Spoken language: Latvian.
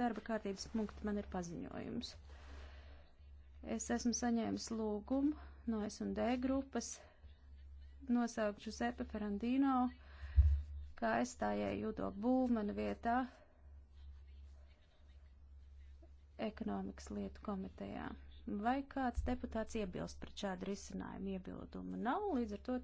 darba kārtības punkta man ir paziņojums. Es esmu saņēmis lūgumu no S&D grupas nosaukt Giuseppe Ferrandino, kā aizstājēja Judo Būmana vietā ekonomikas lietu komitejā. Vai kāds deputāts iebilst pret šādu risinājumu? Iebildumu nav, līdz ar to